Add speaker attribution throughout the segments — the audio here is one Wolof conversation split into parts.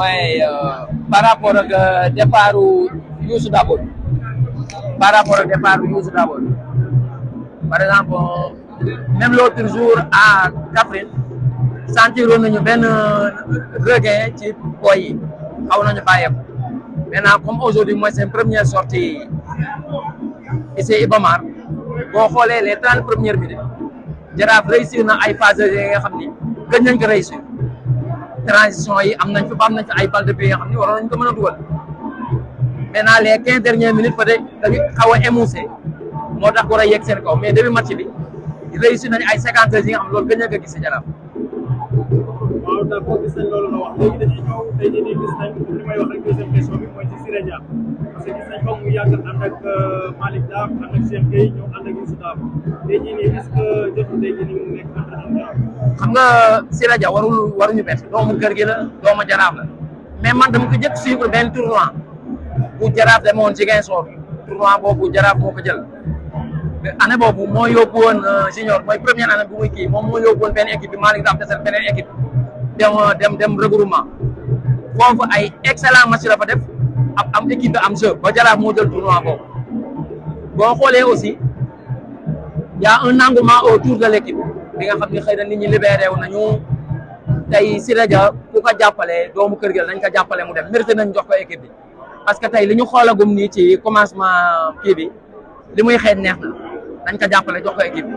Speaker 1: mooy euh, par rapport ak euh, départ Youssou Dabo par rapport ak départ Youssou Dabo par exemple même l'autre jour a Kaffrine sentiroon nañu benn euh, regain ci boy yi xaw nañu bàyyeeku maintenant comme aujourd'hui mooy seen première sortie ici Iba Mar boo xoolee les trente premières minutes Jaraaf réussir na ay phases yi nga xam ni gën nañ ko réussir transition yi am nañ fa am nañ fa ay balle de pied yoo xam ne waroon nañ ko mën a dugal maintenant les quinze dernières minutes peut-être dañu xaw a émoussé moo tax war a yegg seen kaw mais début match bi réussir nañ ay yi nga xam loolu gën a ko gis si jaraaf. waaw d'accord gis nañ loolu nga wax léegi dañuy
Speaker 2: gis nañ li yàgg ànd ke euh, Malick Daf ànd ak Cheikh Gueye ñëw ànd ak Youssou Daf est ce que mu
Speaker 1: xam nga Sira Dia warul waruñu bett doomu kër gi la doomu jaraaf la mais man dama ko jëkk suivre benn tournoi bu jaraaf demoon Ziguinchor tournoi boobu jaraaf moo ko jël année boobu moo yóbbu woon euh, junior mooy première année bu muy kii moom moo yóbbu woon benn équipe bi Malick Daf desal équipe dem euh, dem dem regroupement foofu ay excellent match la fa def am équipe am jeu ba jara mo jël tournoi boobu bo xolé aussi il y ya a un engouement autour de l'équipe bi nga xamni xeyna nit ñi libéré wu nañu tay Siré Dia ku ko jappalé doomu kër gel nañ ko jappalé mu dem mérité nañ jox ko équipe bi parce que tay li ñu xoolagum nii ci commencement kii bi li muy xeeñ neex na dañ ko jappalé jox ko équipe bi.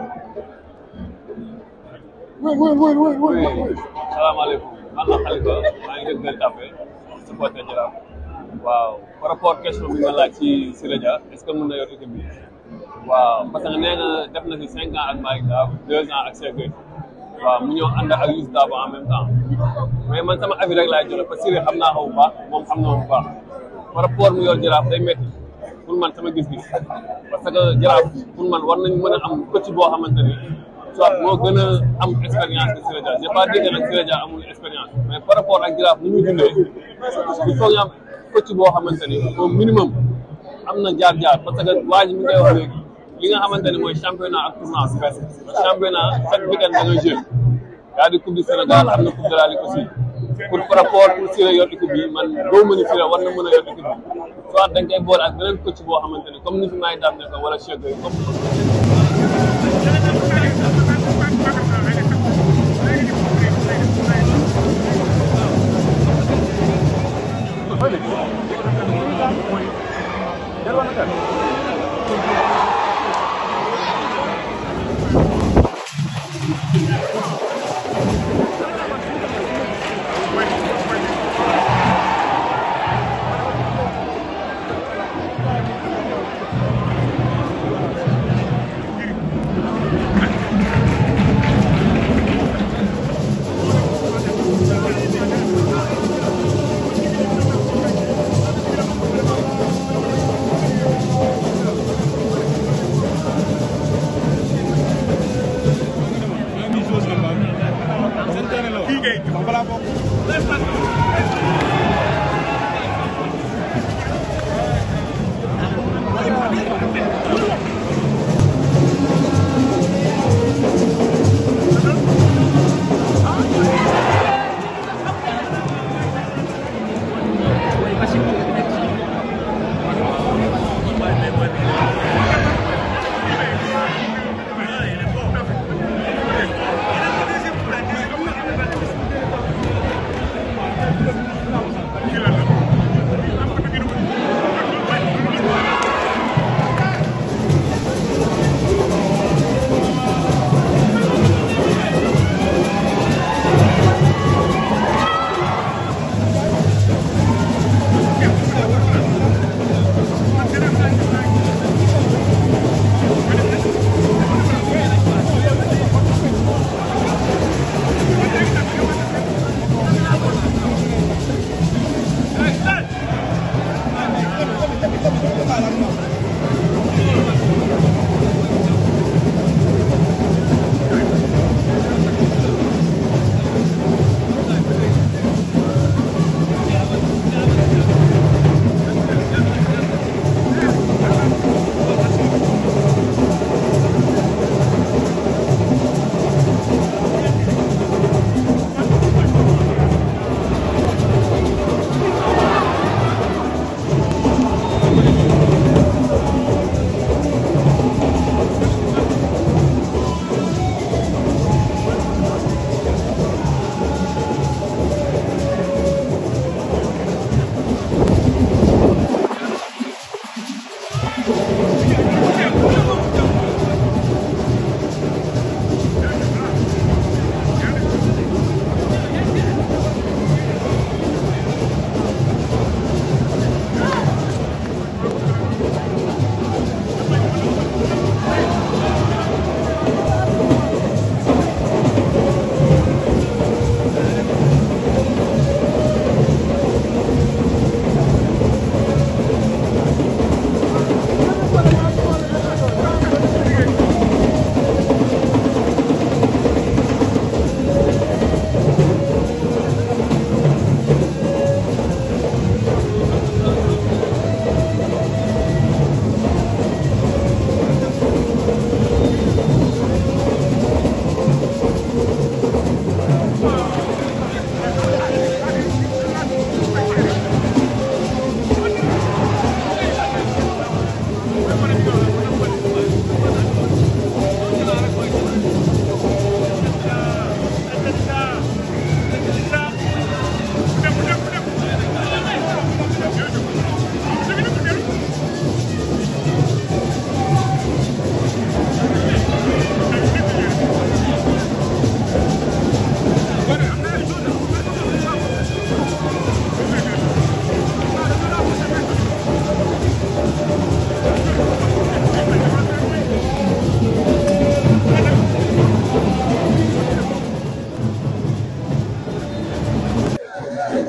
Speaker 2: oui oui oui oui oui. salaamaaleykum man Khalifa maa ngi dëgg Gueule Tapée supporter Jaraaf. Wow, par rapport question bi nga si rajo est ce que mën na yor bi waaw parce que nee def na si cinq ans ak Malick Daaf deux ans ak Cheikh Gueye waaw mu ñëw ànd ak Youssou Dabo en même temps mais man sama avis rek laay jëlee parce que xaw mu yor day pour man sama gis-gis parce que pour man war nañ am coach boo xamante soit am expérience que j'ai pas dit que nag amul expérience mais par rapport ak il faut coach boo xamante ne au minimum am na jaar-jaar parce que waa ji mi ngay wax li nga xamante mooy championnat ak tournoi su fekkee championnat chaque weekend da ngay joué yaa di coupe du Sénégal am na coupe de la Ligue aussi
Speaker 3: pour par rapport pour Siré yor équipe bi man boo mën a Siré war na mën a yor équipe bi
Speaker 2: soit da nga koy boole ak beneen boo xamante ne comme ni fi may daan ne ko wala Cheikh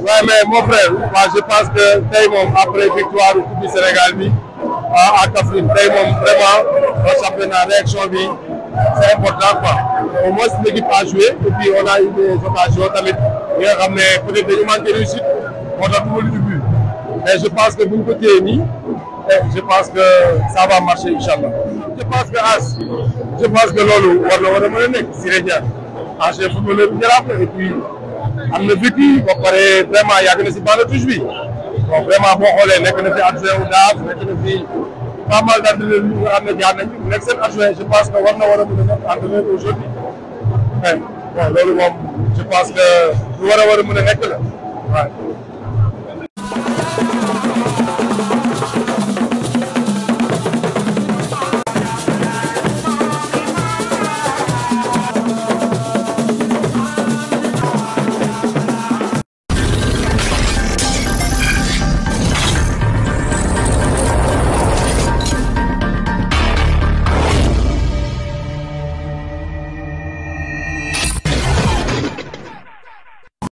Speaker 3: Ouais, mais mon frère, moi, je pense que Taïmon, après victoire au du Sénégal, à Kafrine, Taïmon, vraiment, un championnat réaction c'est important quoi. Au moins, l'équipe a joué, et puis on a eu des occasions, qui peut-être des manque de réussite, on a trouvé le but. Mais je pense que vous côté, pouvez Et je pense que ça va marcher, Inch'Allah. Je pense que As, je pense que Lolo, on va le remettre, Sirénia, As, je vais vous le et puis. am na vécu ba pare vraiment yàgg na si bande touche bi bon vraiment boo xoolee nekk na fi adjoint wu daaf nekk na fi pas mal d' entraîneur yu nga xam ne jaar nañ nekk seen adjoint je pense que war na war a mën a nekk entraîneur aujourd'hui bon loolu moom je pense que lu war a war a mën a nekk la waaw